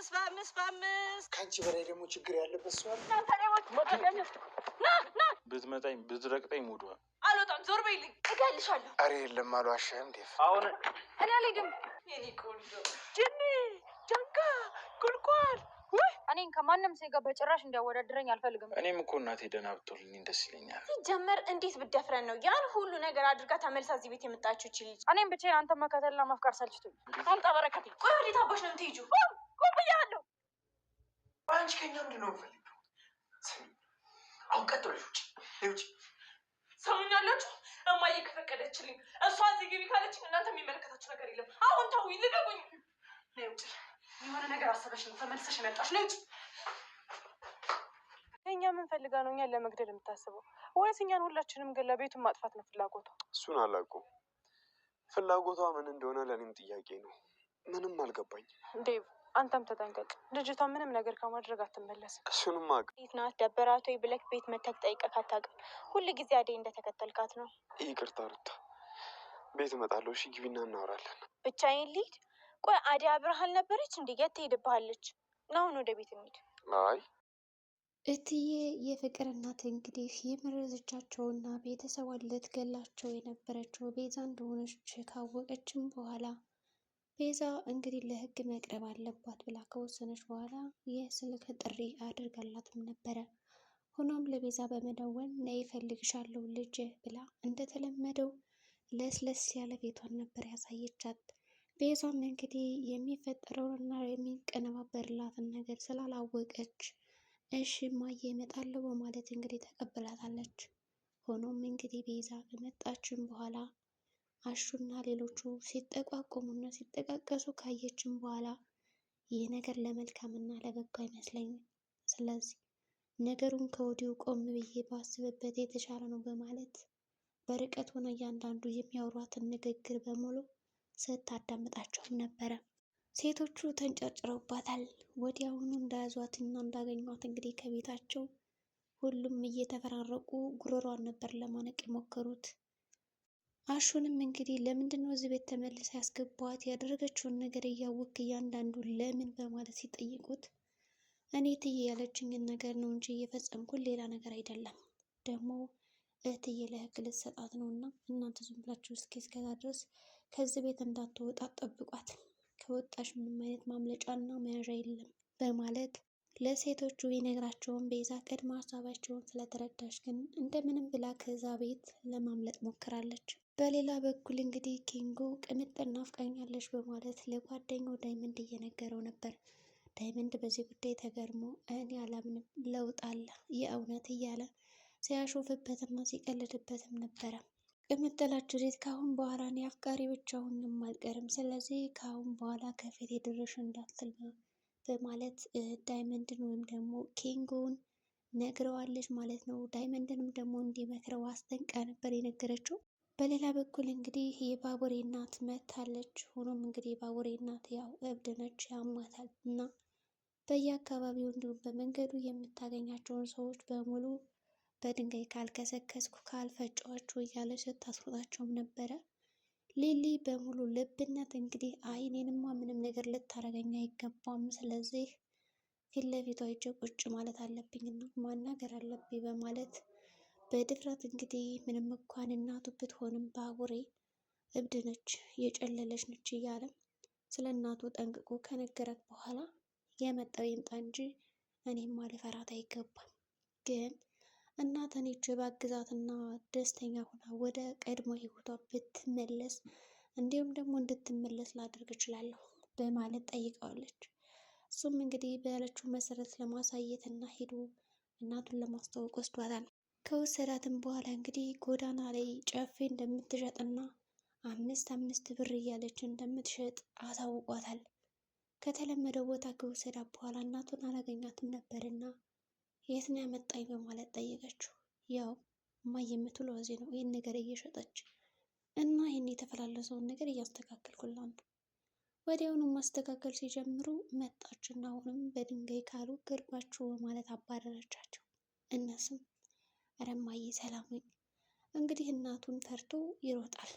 በአምስት በአምስት በአምስት ከአንቺ በላይ ደግሞ ችግር ያለበት ሰዋል ብትመጣኝ ብትረቅጠኝ ሙድ አልወጣም። ዞር በይልኝ፣ እገልሻለሁ። ኧረ የለም አሉ አልዋሻህም። ዴፍ አሁን እኔ አልሄድም። ጅኒ ጃንካ ቁልቋል ወይ እኔን ከማንም ሴት ጋር በጭራሽ እንዲያወዳድረኝ አልፈልግም። እኔም እኮ እናቴ ደህና ብትሆንልኝ ደስ ይለኛል። ሲጀመር እንዴት ብደፍረን ነው ያን ሁሉ ነገር አድርጋ ተመልሳ እዚህ ቤት የመጣችው ልጅ? እኔም ብቻ አንተ መከተልና መፍቃር ሰልችቶኝ። አምጣ በረከቴ። ቆይ ወዴት አባሽ ነው የምትሄጂው? ብያለሁ። አንቺ ከኛ ምንድን ነው የምፈልገው? አሁን ቀጥ ውጭ ውጭ። ሰሙኛላችሁ? እማዬ ከፈቀደችልኝ እሷ እዚህ ግቢ ካለችኝ እናንተ የሚመለከታችሁ ነገር የለም። አሁን ውጭ የሆነ ነገር አሰበሽ ነው ተመልሰሽ ውጭ እኛ ምን ፈልጋ ነው እኛን ለመግደል የምታስበው? ወይስ እኛን ሁላችንም ገላ ቤቱን ማጥፋት ነው ፍላጎቷ? እሱን ፍላጎቷ ምን እንደሆነ ለእኔም ጥያቄ ነው። ምንም አልገባኝ ዴቭ አንተም ተጠንቀቅ። ልጅቷ ምንም ነገር ከማድረግ አትመለስም። እሱንም አቅ ቤት ናት ደበራቶ ብለክ ቤት መተክ ጠይቀህ አታውቅም። ሁሉ ጊዜ አደይ እንደተከተልካት ነው። ይቅርታ ሩታ፣ ቤት እመጣለሁ። እሺ ግቢና እናወራለን። ብቻዬን ልሂድ? ቆይ አደይ አብረህ አልነበረች እንዴ? የት ትሄድብሃለች? ናሁን ወደ ቤት እንሂድ። አይ እትዬ የፍቅር እናት እንግዲህ የመረዘቻቸውና ቤተሰቧን ልትገላቸው የነበረችው ቤዛ እንደሆነች ካወቀችም በኋላ ቤዛ እንግዲህ ለህግ መቅረብ አለባት ብላ ከወሰነች በኋላ የስልክ ጥሪ አድርጋላትም ነበረ። ሆኖም ለቤዛ በመደወል ነይ እፈልግሻለሁ ልጅ ብላ እንደተለመደው ለስለስ ያለ ቤቷን ነበር ያሳየቻት። ቤዛም እንግዲህ የሚፈጠረውንና የሚቀነባበርላትን ነገር ስላላወቀች እሺ ማየ እመጣለሁ በማለት እንግዲህ ተቀብላታለች። ሆኖም እንግዲህ ቤዛ ከመጣችም በኋላ አሹና ሌሎቹ ሲጠቋቆሙና ሲጠቃቀሱ ካየችን በኋላ ይህ ነገር ለመልካምና ለበጎ አይመስለኝም። ስለዚህ ነገሩን ከወዲሁ ቆም ብዬ ባስብበት የተሻለ ነው በማለት በርቀት ሆነ እያንዳንዱ የሚያወሯትን ንግግር በሙሉ ስታዳምጣቸውም ነበረ። ሴቶቹ ተንጨርጭረውባታል። ወዲያውኑ እንዳያዟትና እንዳገኟት እንግዲህ ከቤታቸው ሁሉም እየተፈራረቁ ጉሮሯን ነበር ለማነቅ የሞከሩት። አሹንም እንግዲህ ለምንድን ነው እዚህ ቤት ተመልሳ ያስገባት ያደረገችውን ነገር እያወቅ እያንዳንዱ ለምን በማለት ሲጠይቁት እኔ ትዬ ያለችኝን ነገር ነው እንጂ እየፈጸምኩን ሌላ ነገር አይደለም። ደግሞ እህትዬ ለህግ ልትሰጣት ነው እና እናንተ ዝም ብላችሁ እስኪ እስከዛ ድረስ ከዚህ ቤት እንዳትወጣ ጠብቋት፣ ከወጣሽ ምንም አይነት ማምለጫና መያዣ የለም በማለት ለሴቶቹ ይነግራቸውን ቤዛ ቀድማ ሀሳባቸውን ስለተረዳች ግን እንደምንም ብላ ከዛ ቤት ለማምለጥ ሞክራለች። በሌላ በኩል እንግዲህ ኪንጎ ቅምጥል ናፍቃኛለች በማለት ለጓደኛው ዳይመንድ እየነገረው ነበር። ዳይመንድ በዚህ ጉዳይ ተገርሞ እኔ አላምንም ለውጥ አለ የእውነት እያለ ሲያሾፍበትና ሲቀልድበትም ነበረ። ቅምጥል ሴት ከአሁን በኋላ እኔ አፍቃሪ ብቻውንም አልቀርም፣ ስለዚህ ከአሁን በኋላ ከፊት የደረሽ እንዳትል በማለት ዳይመንድን ወይም ደግሞ ኪንጎን ነግረዋለች ማለት ነው። ዳይመንድንም ደግሞ እንዲመክረው አስጠንቅቃ ነበር የነገረችው። በሌላ በኩል እንግዲህ የባቡሬ እናት መታለች። ሆኖም እንግዲህ የባቡሬ እናት ያው እብድ ነች፣ ያሟታል እና በየአካባቢው እንዲሁም በመንገዱ የምታገኛቸውን ሰዎች በሙሉ በድንጋይ ካልከሰከስኩ ካልፈጫዋችሁ እያለ ስታስሮጣቸውም ነበረ። ሊሊ በሙሉ ልብነት እንግዲህ አይኔንማ ምንም ነገር ልታረገኝ አይገባም፣ ስለዚህ ፊት ለፊቷ ቁጭ ማለት እና ማናገር አለብኝ በማለት በድፍረት እንግዲህ ምንም እንኳን እናቱ ብትሆንም ባቡሬ እብድ ነች፣ የጨለለች ነች እያለ ስለ እናቱ ጠንቅቆ ከነገረት በኋላ የመጣው ይምጣ እንጂ እኔም አልፈራት አይገባም። ግን እናት እኔ ባግዛትና ደስተኛ ሆና ወደ ቀድሞ ሕይወቷ ብትመለስ እንዲሁም ደግሞ እንድትመለስ ላደርግ እችላለሁ በማለት ጠይቀዋለች። እሱም እንግዲህ በያለችው መሰረት ለማሳየት እና ሄዶ እናቱን ለማስተዋወቅ ወስዷታል። ከወሰዳትም በኋላ እንግዲህ ጎዳና ላይ ጨፌ እንደምትሸጥና አምስት አምስት ብር እያለች እንደምትሸጥ አሳውቋታል። ከተለመደው ቦታ ከወሰዳት በኋላ እናቱን አላገኛትም ነበርና የት ነው ያመጣኝ በማለት ጠየቀችው። ያው እማ የምትውለው እዚህ ነው፣ ይህን ነገር እየሸጠች እና ይህን የተፈላለሰውን ነገር እያስተካከልኩላ ነው። ወዲያውኑ ማስተካከል ሲጀምሩ መጣችና እና አሁንም በድንጋይ ካሉ ግርባችሁ በማለት አባረረቻቸው። እነሱም ረማዬ ሰላም ነኝ። እንግዲህ እናቱን ፈርቶ ይሮጣል።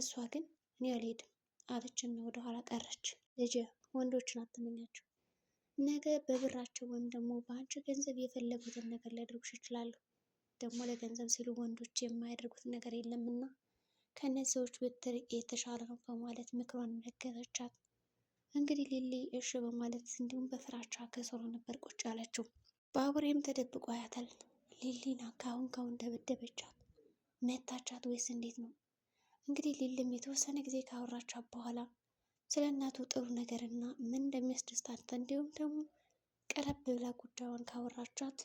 እሷ ግን እኔ አልሄድም አለችና ወደ ኋላ ቀረች። ልጄ ወንዶችን አትመኛቸው። ነገ በብራቸው ወይም ደግሞ በአንቺ ገንዘብ የፈለጉትን ነገር ሊያደርጉሽ ይችላሉ። ደግሞ ለገንዘብ ሲሉ ወንዶች የማያደርጉት ነገር የለምና ከእነዚህ ሰዎች ብትርቅ የተሻለ ነው በማለት ምክሯን ነገረቻት። እንግዲህ ሊሊ እሺ በማለት እንዲሁም በፍራቻ ከሰሮ ነበር ቁጭ ያለችው። ባቡሬም ተደብቆ አያታል። ሊሊና ካሁን ካሁን ደበደበቻት መታቻት ወይስ እንዴት ነው? እንግዲህ ሊልም የተወሰነ ጊዜ ካወራቻት በኋላ ስለ እናቱ ጥሩ ነገር እና ምን እንደሚያስደስታት እንዲሁም ደግሞ ቀረብ ብላ ጉዳዩን ካወራቻት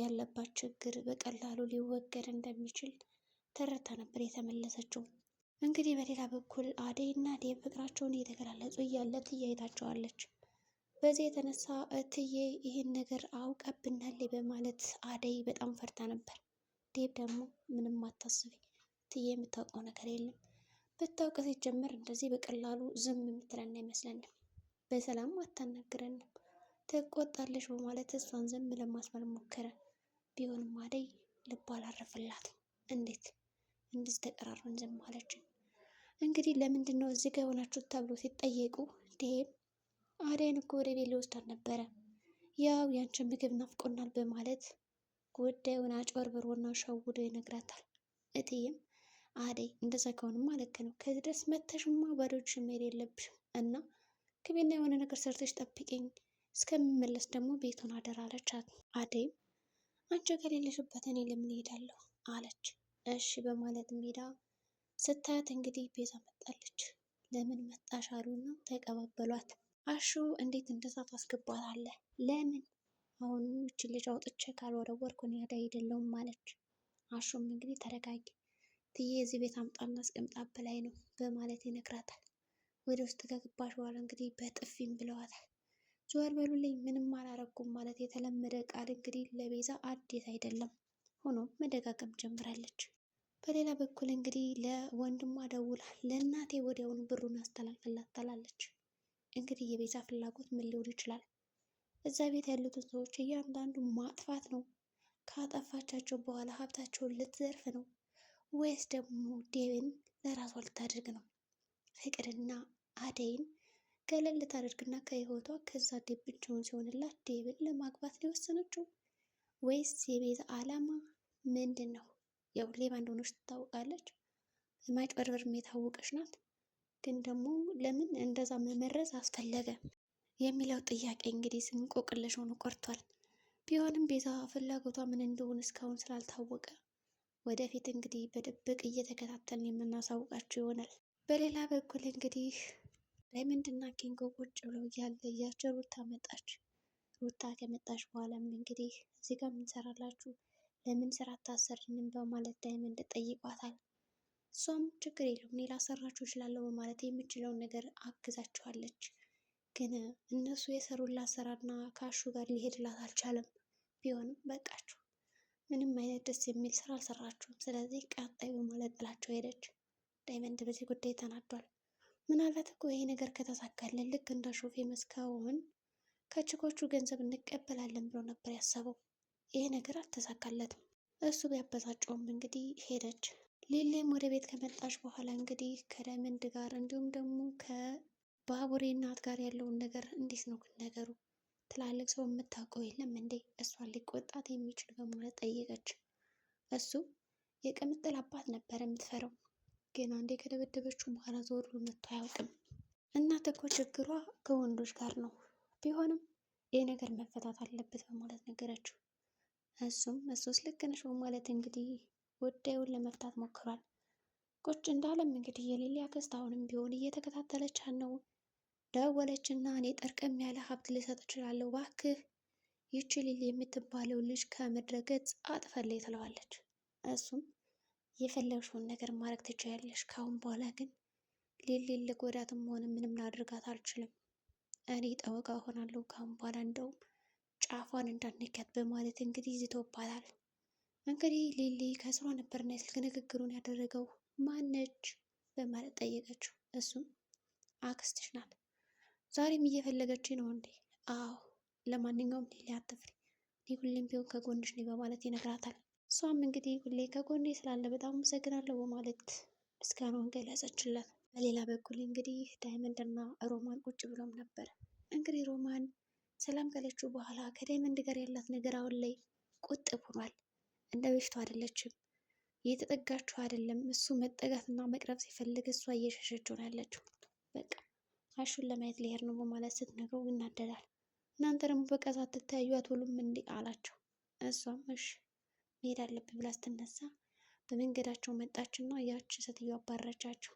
ያለባት ችግር በቀላሉ ሊወገድ እንደሚችል ተረታ ነበር የተመለሰችው። እንግዲህ በሌላ በኩል አደይ እና ዴቭ ፍቅራቸውን እየተገላለጹ እያለ ትያይታቸዋለች። በዚህ የተነሳ እትዬ ይህን ነገር አውቀብናል በማለት አደይ በጣም ፈርታ ነበር። ዴብ ደግሞ ምንም አታስቢ እትዬ የምታውቀው ነገር የለም ብታውቅ ሲጀምር እንደዚህ በቀላሉ ዝም የምትለን አይመስለንም። በሰላም አታናግረንም፣ ትቆጣለች በማለት እሷን ዝም ለማስባል ሞከረ። ቢሆንም አደይ ልብ አላረፈላት። እንዴት እንዲህ ተቀራርበን ዝም አለችን? እንግዲህ ለምንድን ነው እዚህ ጋር የሆናችሁት ተብሎ ሲጠየቁ ዴብ አደይን እኮ ወደ ቤት ሊወስዳት ነበረ። ያው ያንቺን ምግብ ናፍቆናል በማለት ጉዳዩን አጭበርብሮና ሸውዶ ይነግራታል። እትዬም አደይ እንደዛ ከሆንማ ልክ ነው። ከዚህ ድረስ መተሽማ ባዶች መሄድ የለብሽም እና ክቤና የሆነ ነገር ሰርተሽ ጠብቂኝ፣ እስከምመለስ ደግሞ ቤቱን አደራ አለቻት። አደይም አንቺ ከሌለሽበት እኔ ለምን እሄዳለሁ አለች። እሺ በማለት ሜዳ ስታያት እንግዲህ ቤዛ መጣለች። ለምን መጣሽ አሉና ተቀባበሏት። አሹ እንዴት እንደዛ ታስገባታለህ? ለምን አሁን ይች ልጅ አውጥቼ ካልወረወርኩ እኔ አዳይ አይደለሁም ማለች። አሹም እንግዲህ ተረጋጊ ትዬ እዚህ ቤት አምጣና አስቀምጣ በላይ ነው በማለት ይነግራታል። ወደ ውስጥ ከገባሽ በኋላ እንግዲህ በጥፊም ብለዋታል። ዞር በሉልኝ ምንም አላረኩም ማለት የተለመደ ቃል እንግዲህ ለቤዛ አዲስ አይደለም። ሆኖም መደጋገም ጀምራለች። በሌላ በኩል እንግዲህ ለወንድሟ ደውላ ለእናቴ ወዲያውኑ ብሩን አስተላልፍላት ትላለች። እንግዲህ የቤዛ ፍላጎት ምን ሊሆን ይችላል? እዛ ቤት ያሉትን ሰዎች እያንዳንዱ ማጥፋት ነው። ካጠፋቻቸው በኋላ ሀብታቸውን ልትዘርፍ ነው ወይስ ደግሞ ዴብን ለራሷ ልታደርግ ነው? ፍቅርና አደይን ገለል ልታደርግና ከህይወቷ ከዛ ድብቻውን ሲሆንላት ዴብን ለማግባት ሊወሰነችው ወይስ የቤዛ ዓላማ ምንድን ነው? ያው ሌባ እንደሆነች ትታወቃለች። በማጭበርበር የታወቀች ናት። ግን ደግሞ ለምን እንደዛ መመረዝ አስፈለገ የሚለው ጥያቄ እንግዲህ እንቆቅልሽ ሆኖ ቆርቷል። ቢሆንም ቤዛ ፍላጎቷ ምን እንደሆነ እስካሁን ስላልታወቀ ወደፊት እንግዲህ በድብቅ እየተከታተልን የምናሳውቃችሁ ይሆናል። በሌላ በኩል እንግዲህ ዳይመንድና ኪንጎ ቁጭ ብለው እያለ እያቸው ሩታ መጣች። ሩታ ከመጣች በኋላም እንግዲህ እዚህ ጋር ለምን ስራ አታሰርንም? በማለት ዳይመንድ ጠይቋታል። እሷም ችግር የለውም እኔ ላሰራችሁ እችላለሁ በማለት የምችለውን ነገር አግዛችኋለች። ግን እነሱ የሰሩላት ስራና ከአሹ ጋር ሊሄድላት አልቻለም። ቢሆንም በቃችሁ፣ ምንም አይነት ደስ የሚል ስራ አልሰራችሁም። ስለዚህ ቀጣይ በማለት ጥላቸው ሄደች። ዳይመንድ በዚህ ጉዳይ ተናዷል። ምናልባት እኮ ይሄ ነገር ከተሳካልን ልክ እንደ ሾፌ መስካውን ከችኮቹ ገንዘብ እንቀበላለን ብሎ ነበር ያሰበው። ይሄ ነገር አልተሳካለትም። እሱ ቢያበሳጨውም እንግዲህ ሄደች። ሌሌም ወደ ቤት ከመጣች በኋላ እንግዲህ ከዳይመንድ ጋር እንዲሁም ደግሞ ከባቡሬ እናት ጋር ያለውን ነገር እንዴት ነው ነገሩ? ትላልቅ ሰው የምታውቀው የለም እንዴ? እሷን ሊቆጣት የሚችል በማለት ጠየቀች። እሱ የቅምጥል አባት ነበር የምትፈረው ግን አንዴ ከደበደበችው በኋላ ዞር ብሎ መጥቶ አያውቅም። እናት እኮ ችግሯ ከወንዶች ጋር ነው፣ ቢሆንም ይህ ነገር መፈታት አለበት በማለት ነገረችው። እሱም እሱስ ልክ ነሽ በማለት እንግዲህ ጉዳዩን ለመፍታት ሞክሯል። ቁጭ እንዳለም እንግዲህ የሌሊ ክስት አሁንም ቢሆን እየተከታተለች ነው። ደወለች እና እኔ ጠርቅም ያለ ሀብት ልሰጥ እችላለሁ፣ ባክህ ይቺ ሊሊ የምትባለው ልጅ ከምድረ ገጽ አጥፈልኝ ትለዋለች። እሱም የፈለግሽውን ነገር ማድረግ ትችያለሽ። ካሁን በኋላ ግን ሊሊን ልጎዳትም ሆነ ምንም ላድርጋት አልችልም። እኔ ጠበቃ ሆናለሁ ካሁን በኋላ እንደውም ጫፏን እንዳነካት በማለት እንግዲህ ይዝቶባታል። እንግዲህ ሊሊ ከስሯ ነበርና የስልክ ንግግሩን ያደረገው ማነች በማለት ጠየቀችው። እሱም አክስትሽ ናት። ዛሬም እየፈለገች ነው እንዴ? አዎ። ለማንኛውም ሊሊ አትፍሪ፣ እኔ ሁሌም ቢሆን ከጎንሽ ነኝ በማለት ይነግራታል። እሷም እንግዲህ ሁሌ ከጎኔ ስላለ በጣም አመሰግናለሁ በማለት ምስጋናውን ገለጸችለት። በሌላ በኩል እንግዲህ ዳይመንድ እና ሮማን ቁጭ ብሎም ነበር። እንግዲህ ሮማን ሰላም ካለችው በኋላ ከዳይመንድ ጋር ያላት ነገር አሁን ላይ ቁጥብ ሆኗል። እንደ በፊቱ አይደለችም። እየተጠጋችው አይደለም። እሱ መጠጋትና መቅረብ ሲፈልግ እሷ እየሸሸችው ነው ያለችው። በቃ አሹን ለማየት ሊሄድ ነው በማለት ስትነግረው ይናደዳል። እናንተ ደግሞ በቃ ሳትተያዩ አትውሉም እንዴ አላቸው። እሷም እሺ መሄድ አለብኝ ብላ ስትነሳ በመንገዳቸው መጣችና ያች ሴትዮ አባረቻቸው።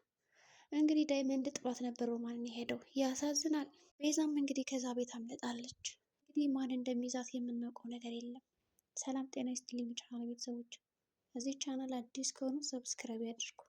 እንግዲህ ዳይመንድ ጥሏት ነበር በማለት ነው የሄደው። ያሳዝናል። ቤዛም እንግዲህ ከዛ ቤት አምልጣለች። እንግዲህ ማን እንደሚይዛት የምናውቀው ነገር የለም። ሰላም ጤና ይስጥልኝ ቻናል ቤተሰቦች። እዚህ ቻናል አዲስ ከሆኑ ሰብስክራይብ ያድርጉ።